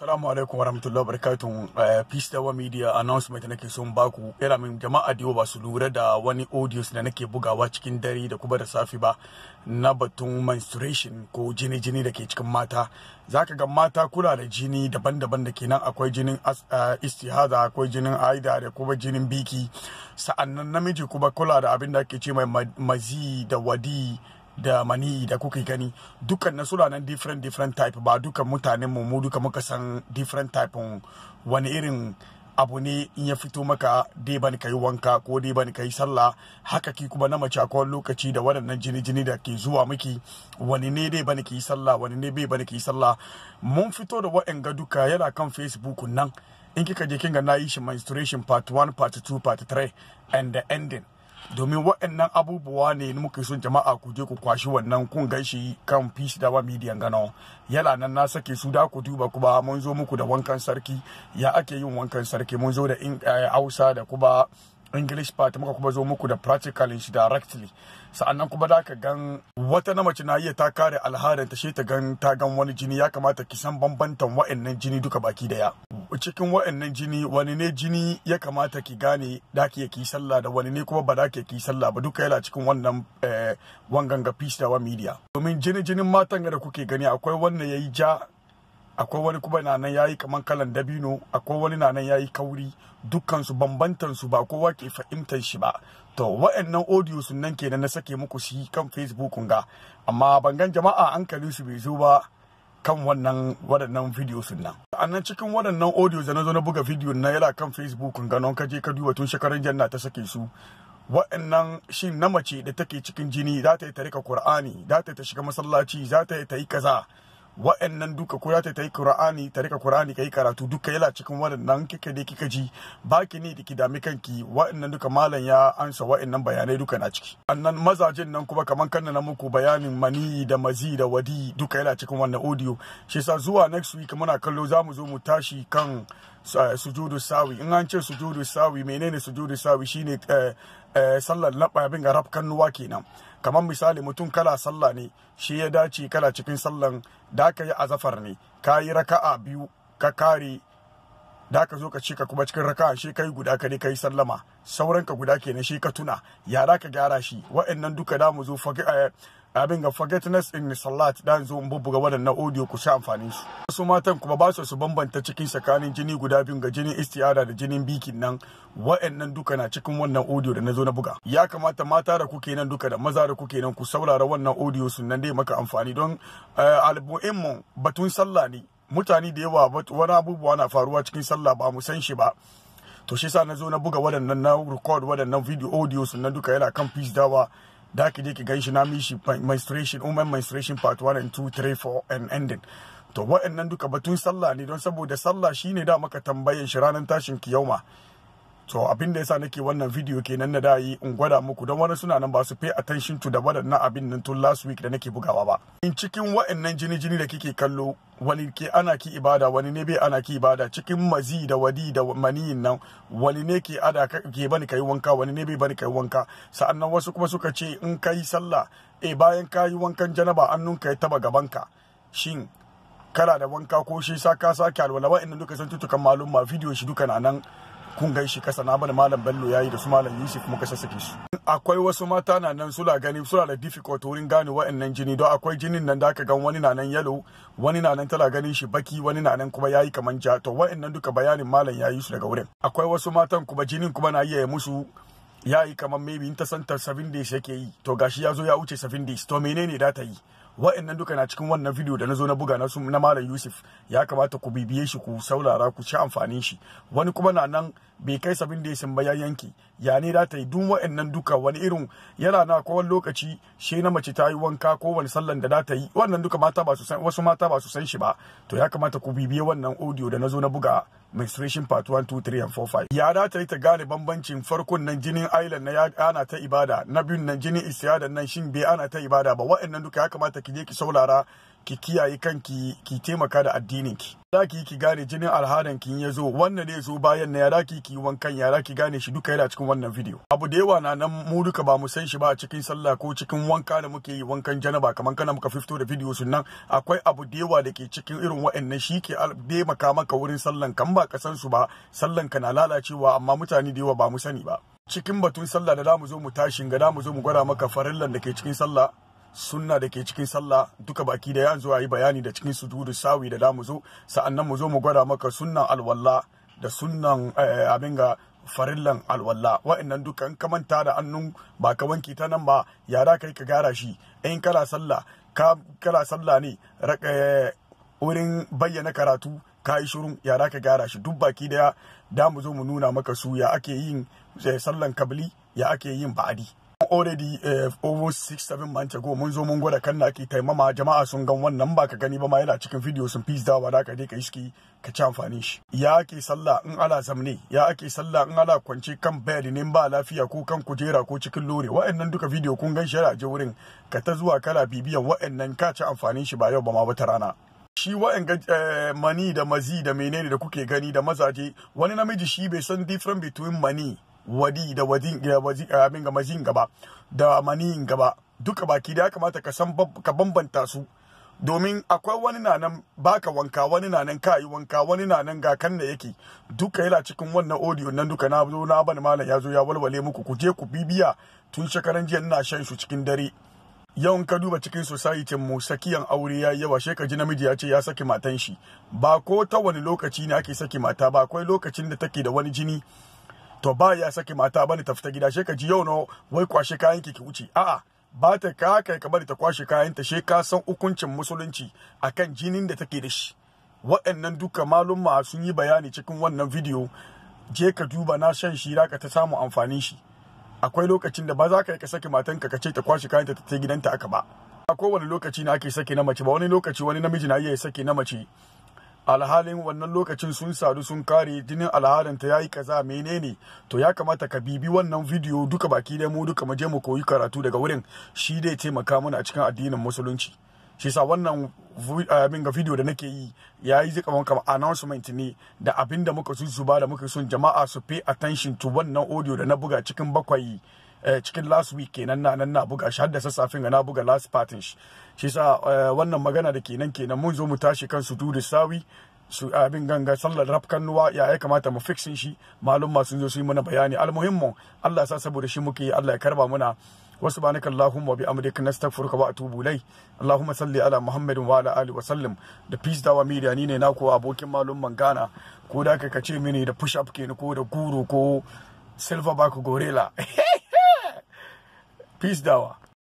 Salamu alaikum wa rahmatullahi wa Uh, eh, Peace Tower Media announcement nake son baku. yana min jama'a da ba su lura da wani audios da nake bugawa cikin dare da kuma da safi ba na batun menstruation ko jini jini da ke cikin mata. Zaka ga mata kula da jini daban-daban da kenan akwai jinin uh, akwai jinin aida da kuma jinin biki. Sa'annan namiji kuma kula da abin da ake ce mai mazi da wadi da mani da kuka gani dukkan na suna nan different different type ba dukkan mutanen mu duka muka san different type wani irin abu ne in ya fito maka dai bani kai wanka ko dai bani kai sallah haka ki kuma na mace a kowane lokaci da waɗannan jini jini da ke zuwa miki wani ne dai bani ki sallah wani ne bai bani ki sallah mun fito da ga duka yana kan facebook nan in kika je kinga na yi shi menstruation part 1 part 2 part 3 and the ending domin waɗannan abubuwa ne muke son jama'a ku je ku kwashi wannan kun gaishe kan fish da wa media gano yala nan na sake su da ku duba kuma mun zo muku da wankan sarki ya ake yin wankan sarki mun zo da in eh, hausa da kuma english part muka kuma zo muku da practical shi directly sa'annan kuma da ka gan wata na mace na iya ta kare alharin ta ta gan ta gan wani jini ya kamata ki san bambantan wa'annan jini duka baki daya cikin wa'annan jini wani ne jini ya kamata ki gane da ke ki sallah da wani ne kuma ba da ke ki sallah ba duka yana cikin wannan eh, wangan ga peace da wa media domin jini jinin matan da kuke gani akwai wanda yayi ja akwai wani kuma na nan yayi kaman kalan dabino akwai wani na nan yayi kauri dukkan su bambantan su ba kowa ke fahimtar shi ba to wa'annan audio sun nan kenan na sake muku shi kan Facebook ga amma bangan jama'a an kalli su bai zo ba kan wannan waɗannan video sun nan cikin waɗannan audio da na zo na buga video na yana kan Facebook ga non ka je ka duba tun shekarun janna ta sake su wa'annan shin na mace da take cikin jini za ta yi ta rika Qur'ani za ta yi ta shiga masallaci za ta yi ta yi kaza wa'annan duka ko ya ta yi qur'ani ta rika qur'ani kai karatu duka yana cikin waɗannan kika dai kika ji baki ne da ki dami kanki wa'annan duka malam ya ansa wa'annan bayanai duka na ciki annan mazajin nan kuma kaman kanna na muku bayanin mani da mazi da wadi duka yana cikin wannan audio shi yasa zuwa next week muna kallo zamu zo mu tashi kan eh, sujudu sawi in an ce sujudu sawi menene sujudu sawi shine eh, eh, sallar labba bin ga rafkan nuwa kenan kamar misali mutum kala sallah ne shi ya dace kala cikin sallan da ka yi azafar ne ka yi raka'a biyu ka kare da ka zo ka ce ka kuma cikin raka'a shi kai guda ka ne kai sallama sauran ka guda kenan shi ka tuna yara ka gyara shi wa'annan duka da mu zo eh, abin ga forgetfulness in the salat dan zo bubbuga waɗannan audio ku sha amfani shi wasu matan kuma ba su bambanta cikin tsakanin jini guda biyu ga jinin istiyada da jinin bikin nan wa'annan duka na cikin wannan audio da na zo na buga ya kamata mata da kuke nan duka da maza da kuke nan ku saurara wannan audio sun nan dai maka amfani don eh, albu'in batun sallah ne mutane da yawa wani abubuwa na faruwa cikin sallah ba mu san shi ba to shi sa na zo na buga wadannan na record wadannan video audio sun nan duka yana kan peace dawa da ki gan shi na mishi menstruation women menstruation part 1 and 2 3 4 and ending to waɗannan duka batun sallah ne don saboda sallah shine da maka tambayan shi ranar tashin kiyauma so abin da yasa nake wannan video kenan na da yi in gwada muku don wani suna nan ba su pay attention to da waɗannan abin nan tun last week da nake bugawa ba in cikin wa'annan jini jini da kike kallo wani ke ana ki ibada wani ne bai ana ki ibada cikin mazi da wadi da maniyin nan wani ne ke ada ke bani kai wanka wani ne bai bani kai wanka sa'annan wasu kuma suka ce in kai sallah eh bayan kayi wankan janaba annunka ya taba gabanka shin kana da wanka ko shi sa ka sake alwala wa'annan duka san tutukan malum ma video shi duka na nan kun gan shi kasa na bani malam bello yayi da su malam yusuf muka sassake shi akwai wasu mata na nan suna gani suna da difficult wurin gane wa'annan jini don akwai jinin nan da aka gan wani na nan yellow wani na nan tana ganin shi baki wani na nan kuma yayi kaman ja to wa'annan duka bayanin malam yayi su daga wurin akwai wasu matan kuma jinin kuma na iya musu yayi kaman maybe in ta santar 7 days yake yi to gashi ya zo ya wuce 7 days to menene da ta yi wa'annan duka na cikin wannan video da na zo na buga na na malam yusuf ya kamata ku bibiye shi ku saurara ku ci amfanin shi wani kuma na nan bai kai sabin da ya ba ya yanki. ya ne da ta yi dun wa'annan duka wani irin yana na kowane lokaci she na mace ta yi wanka ko wani sallan da da ta yi wannan duka mata ba su san wasu mata ba su san shi ba to ya kamata ku bibiye wannan audio da nazo zo na buga menstruation part 1 2 3 and 4 5 ya da ta yi ta gane bambancin farkon nan jinin island na ya ana ta ibada na biyun nan jinin istiyadan nan shin bai ana ta ibada ba wa'annan duka ya kamata ki je ki saurara ki kiyaye kanki ki taimaka da addininki za ki ki gane jinin alhadan ki ya zo wannan ne zo bayan na yara ki ki wankan yara ki gane shi duka yana cikin wannan video abu da yawa na nan mu duka ba mu san shi ba a cikin sallah ko cikin wanka da muke yi wankan janaba kamar kana muka fito da video sun nan akwai abu da yawa da ke cikin irin wa'annan shi ke daimaka maka wurin sallan kan ba ka san su ba sallan ka na lalacewa amma mutane da yawa ba mu sani ba cikin batun sallah da za mu zo mu tashin ga za mu zo mu gwada maka farillan da ke cikin sallah sunna da ke cikin sallah duka baki da yanzu a yi bayani da cikin sujudu sawi da damu zo sa'annan mu zo mu gwada maka sunnan alwalla da sunnan eh, abin ga farillan alwalla wa'annan duka in ka manta da annun ba ka wanki ta nan ba yara kai ka gara shi in kana sallah ka kana sallah ne eh, wurin bayyana karatu ka yi shirin yara ka gara shi duk baki da damu zo mu nuna maka su ya ake yin eh, sallan kabli ya ake yin ba'adi already uh, over 6 7 months ago mun zo mun gwada kan na ake taimama jama'a sun gan wannan ba ka gani ba ma yana cikin video sun fi da ka je ka iski ka ci amfani shi ya ake sallah in ala zamne ya ake sallah in ala kwance kan bed ne ba lafiya ko kan kujera ko cikin lore wa'annan duka video kun gan shi je wurin ka ta zuwa kala bibiyan wa'annan ka ci amfanin shi ba yau ba ma wata rana shi wa'anga eh, mani da mazi da menene da kuke gani da mazaje wani namiji shi bai san different between mani wadi da wadin da eh, abin ga majin gaba da maniyin gaba duka baki da ya kamata ka san ka bambanta su domin akwai wani na nan baka wanka wani na nan kayi wanka wani na nan ga kan da yake duka yana cikin wannan audio nan duka na zo na bani malam ya zo ya walwale muku ku je ku bibiya tun shekaran jiya ina shan su cikin dare yawan ka duba cikin society mu sakiyan aure ya yawa sheka ji namiji ya ce ya saki matan shi ba ko ta wani lokaci ne ake saki mata ba akwai lokacin da take da wani jini to ba ya saki mata bane ta fita gida she ka ji yau no wai kwashe kayan ki ki wuce a'a ba ta ka kai ka bari ta kwashe kayan ta she ka san hukuncin musulunci akan jinin da take da shi waɗannan duka malumma sun yi bayani cikin wannan bidiyo je ka duba na shan shi ka ta samu amfanin shi akwai lokacin da ba za ka yi ka saki matanka ka ce ta kwashe kayan ta ta gidanta aka ba akwai kowane lokaci na ake sake na mace ba wani lokaci wani namiji na iya saki na mace alhalin wannan lokacin sun sadu sun kare jinin alhalin ta yayi kaza menene to ya kamata ka bibi wannan bidiyo duka baki da mu duka mu mu koyi karatu daga wurin shi dai taimaka mana a cikin addinin musulunci shi sa wannan eh, abin ga video da nake yi ya yi zai kamar kamar announcement ne da abin da muka zuzzuba da muka son jama'a su pay attention to wannan audio da na buga cikin bakwai Eh, cikin last week kenan na nan na buga shi hadda safin sassafin na buga last patin shi shi sa eh, wannan magana da kenan kenan mun zo mu tashi kan su dudu sawi su abin ganga sallar rafkan nuwa ya ya kamata mu fiksin shi malum masu zo su yi mana bayani almuhimmu Allah sa saboda shi muke Allah ya karba muna وسبحانك اللهم وبحمدك نستغفرك واتوب اليك اللهم صل على محمد وعلى اله وسلم da peace dawa media ni ne naku abokin man gana ko da ka kace mini da push up kenan ko da guru ko silverback gorilla Peace, Dawa.